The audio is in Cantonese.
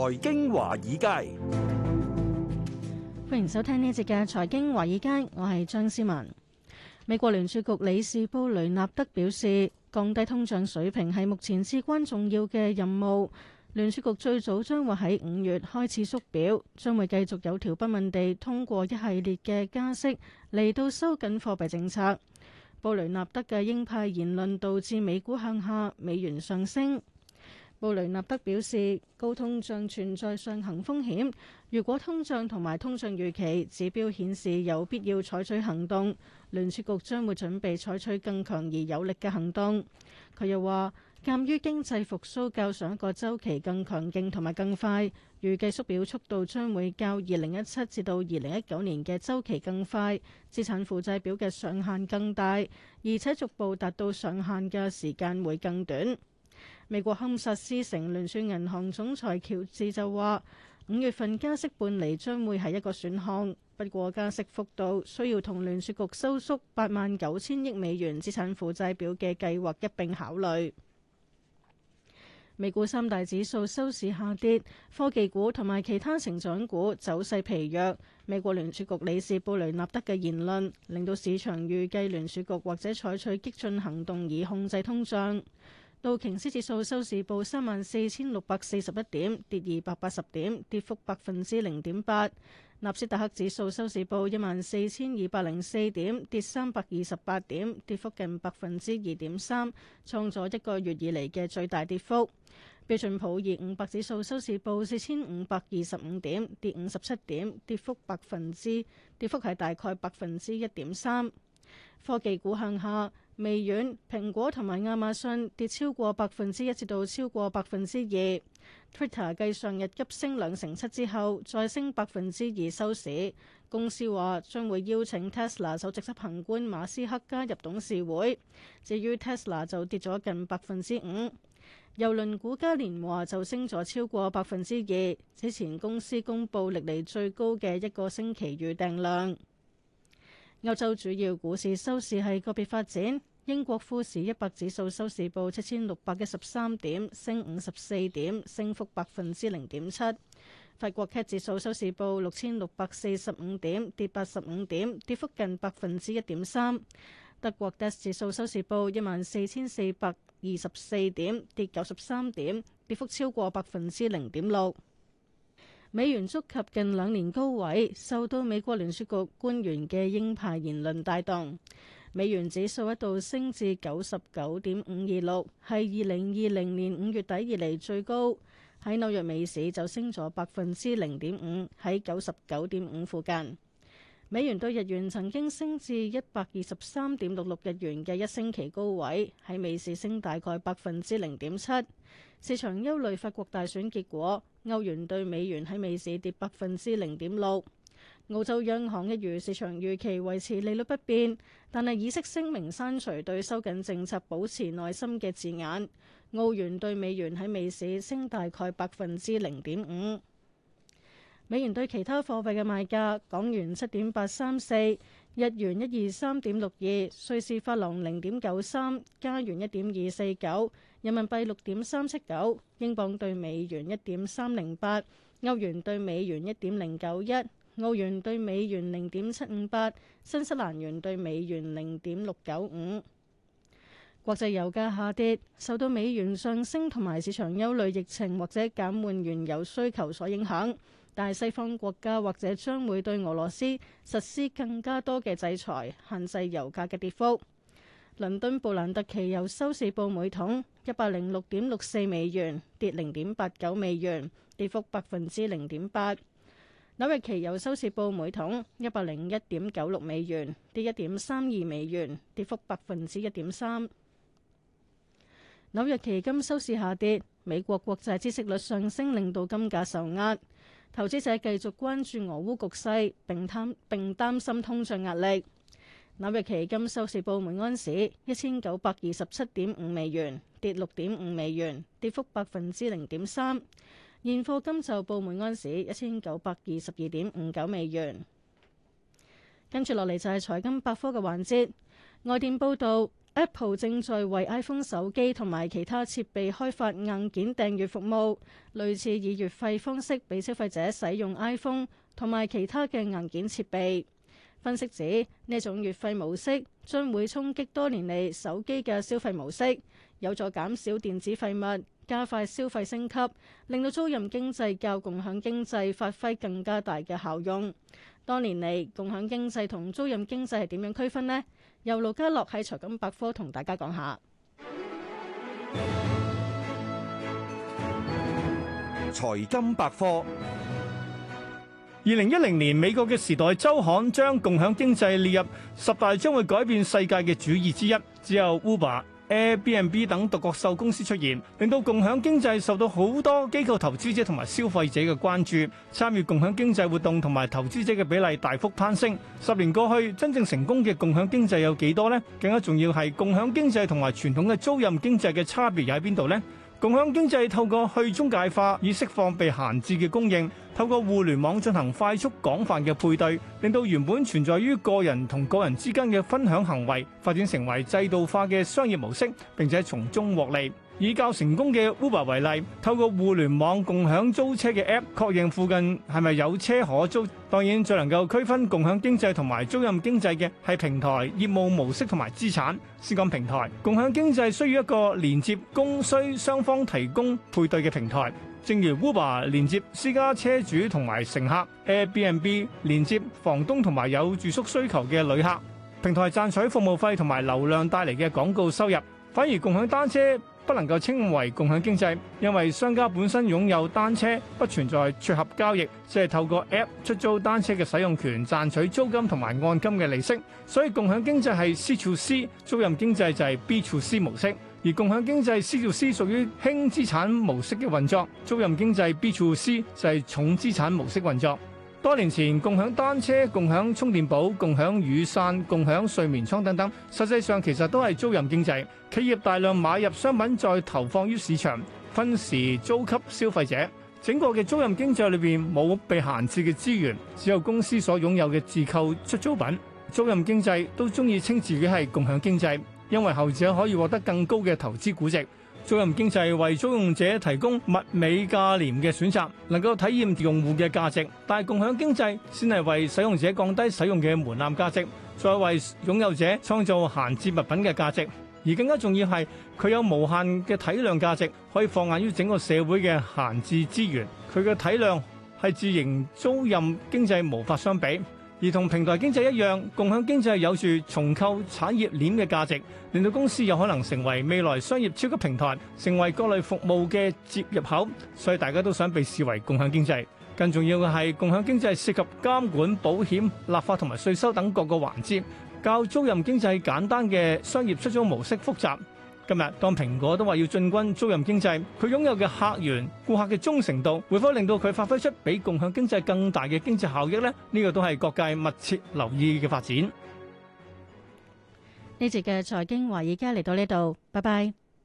財經華爾街，歡迎收聽呢一節嘅財經華爾街，我係張思文。美國聯儲局理事布雷納德表示，降低通脹水平係目前至關重要嘅任務。聯儲局最早將會喺五月開始縮表，將會繼續有條不紊地通過一系列嘅加息嚟到收緊貨幣政策。布雷納德嘅鷹派言論導致美股向下，美元上升。布雷納德表示，高通脹存在上行風險，如果通脹同埋通脹預期指標顯示有必要採取行動，聯儲局將會準備採取更強而有力嘅行動。佢又話，鑒於經濟復甦較，較，較，較上一個週期更強勁同埋更快，預計縮表速度將會較二零一七至到二零一九年嘅週期更快，資產負債表嘅上限更大，而且逐步達到上限嘅時間會更短。美國堪薩斯城聯儲銀行總裁喬治就話：五月份加息半釐將會係一個選項，不過加息幅度需要同聯儲局收縮八萬九千億美元資產負債表嘅計劃一併考慮。美股三大指數收市下跌，科技股同埋其他成長股走勢疲弱。美國聯儲局理事布雷納德嘅言論令到市場預計聯儲局或者採取激進行動以控制通脹。道瓊斯指數收市報三萬四千六百四十一點，跌二百八十點，跌幅百分之零點八。納斯達克指數收市報一萬四千二百零四點，跌三百二十八點，跌幅近百分之二點三，創咗一個月以嚟嘅最大跌幅。標準普爾五百指數收市報四千五百二十五點，跌五十七點，跌幅百分之，跌幅係大概百分之一點三。科技股向下。微軟、蘋果同埋亞馬遜跌超過百分之一，至到超過百分之二。Twitter 繼上日急升兩成七之後，再升百分之二收市。公司話將會邀請 Tesla 首席執行官馬斯克加入董事會。至於 Tesla 就跌咗近百分之五。郵輪股嘉年華就升咗超過百分之二。之前公司公布歷嚟最高嘅一個星期預訂量。歐洲主要股市收市係個別發展。英國富時一百指數收市報七千六百一十三點，升五十四點，升幅百分之零點七。法國 CAC 指數收市報六千六百四十五點，跌八十五點，跌幅近百分之一點三。德國 DAX 指數收市報一萬四千四百二十四點，跌九十三點，跌幅超過百分之零點六。美元觸及近兩年高位，受到美國聯儲局官員嘅鷹派言論帶動。美元指數一度升至九十九點五二六，係二零二零年五月底以嚟最高。喺紐約美市就升咗百分之零點五，喺九十九點五附近。美元對日元曾經升至一百二十三點六六日元嘅一星期高位，喺美市升大概百分之零點七。市場憂慮法國大選結果，歐元對美元喺美市跌百分之零點六。澳洲央行一如市場預期維持利率不變，但係議息聲明刪除對收緊政策保持耐心嘅字眼。澳元對美元喺美市升大概百分之零點五。美元對其他貨幣嘅賣價：港元七點八三四，日元一二三點六二，瑞士法郎零點九三，加元一點二四九，人民幣六點三七九，英鎊對美元一點三零八，歐元對美元一點零九一。澳元兌美元零點七五八，新西蘭元兌美元零點六九五。國際油價下跌，受到美元上升同埋市場憂慮疫情或者減緩原油需求所影響。但係西方國家或者將會對俄羅斯實施更加多嘅制裁，限制油價嘅跌幅。倫敦布蘭特期油收市報每桶一百零六點六四美元，跌零點八九美元，跌幅百分之零點八。紐約期油收市報每桶一百零一點九六美元，跌一點三二美元，跌幅百分之一點三。紐約期金收市下跌，美國國債息率上升令到金價受壓，投資者繼續關注俄烏局勢並擔並擔心通脹壓力。紐約期金收市報每安士一千九百二十七點五美元，跌六點五美元，跌幅百分之零點三。現貨金就報每安士一千九百二十二點五九美元。跟住落嚟就係財金百科嘅環節。外電報道，Apple 正在為 iPhone 手機同埋其他設備開發硬件訂閱服務，類似以月費方式俾消費者使用 iPhone 同埋其他嘅硬件設備。分析指，呢種月費模式將會衝擊多年嚟手機嘅消費模式，有助減少電子廢物，加快消費升級，令到租賃經濟較共享經濟發揮更加大嘅效用。多年嚟，共享經濟同租賃經濟係點樣區分呢？由盧家樂喺財金百科同大家講下。財金百科。二零一零年，美國嘅《時代》周刊將共享經濟列入十大將會改變世界嘅主義之一，只有 Uber。Airbnb 等獨角獸公司出現，令到共享經濟受到好多機構投資者同埋消費者嘅關注，參與共享經濟活動同埋投資者嘅比例大幅攀升。十年過去，真正成功嘅共享經濟有幾多呢？更加重要係共享經濟同埋傳統嘅租賃經濟嘅差別又喺邊度呢？共享經濟透過去中介化，以釋放被閒置嘅供應。透過互聯網進行快速廣泛嘅配對，令到原本存在於個人同個人之間嘅分享行為發展成為制度化嘅商業模式，並且從中獲利。以較成功嘅 Uber 為例，透過互聯網共享租車嘅 App 確認附近係咪有車可租。當然，最能夠區分共享經濟同埋租賃經濟嘅係平台業務模式同埋資產。先講平台，共享經濟需要一個連接供需雙方提供配對嘅平台。正如 Uber 連接私家車主同埋乘客，Airbnb 連接房東同埋有住宿需求嘅旅客，平台賺取服務費同埋流量帶嚟嘅廣告收入。反而共享單車不能夠稱為共享經濟，因為商家本身擁有單車不存在撮合交易，只係透過 App 出租單車嘅使用權賺取租金同埋按金嘅利息。所以共享經濟係 C to C，租賃經濟就係 B to C 模式。而共享經濟 C2C 屬於輕資產模式嘅運作，租賃經濟 B2C 就係重資產模式運作。多年前共享單車、共享充電寶、共享雨傘、共享睡眠倉等等，實際上其實都係租賃經濟，企業大量買入商品，再投放於市場，分時租給消費者。整個嘅租賃經濟裏邊冇被閒置嘅資源，只有公司所擁有嘅自購出租品。租賃經濟都中意稱自己係共享經濟。因為後者可以獲得更高嘅投資估值，租賃經濟為租用者提供物美價廉嘅選擇，能夠體驗用戶嘅價值。但係共享經濟先係為使用者降低使用嘅門檻價值，再為擁有者創造閒置物品嘅價值。而更加重要係，佢有無限嘅體量價值，可以放眼於整個社會嘅閒置資源。佢嘅體量係自營租賃經濟無法相比。而同平台經濟一樣，共享經濟有住重構產業鏈嘅價值，令到公司有可能成為未來商業超級平台，成為各類服務嘅接入口，所以大家都想被視為共享經濟。更重要嘅係共享經濟係涉及監管、保險、立法同埋稅收等各個環節較租賃經濟簡單嘅商業出租模式複雜。今日當蘋果都話要進軍租賃經濟，佢擁有嘅客源、顧客嘅忠誠度，會否令到佢發揮出比共享經濟更大嘅經濟效益呢？呢個都係各界密切留意嘅發展。呢節嘅財經華爾街嚟到呢度，拜拜。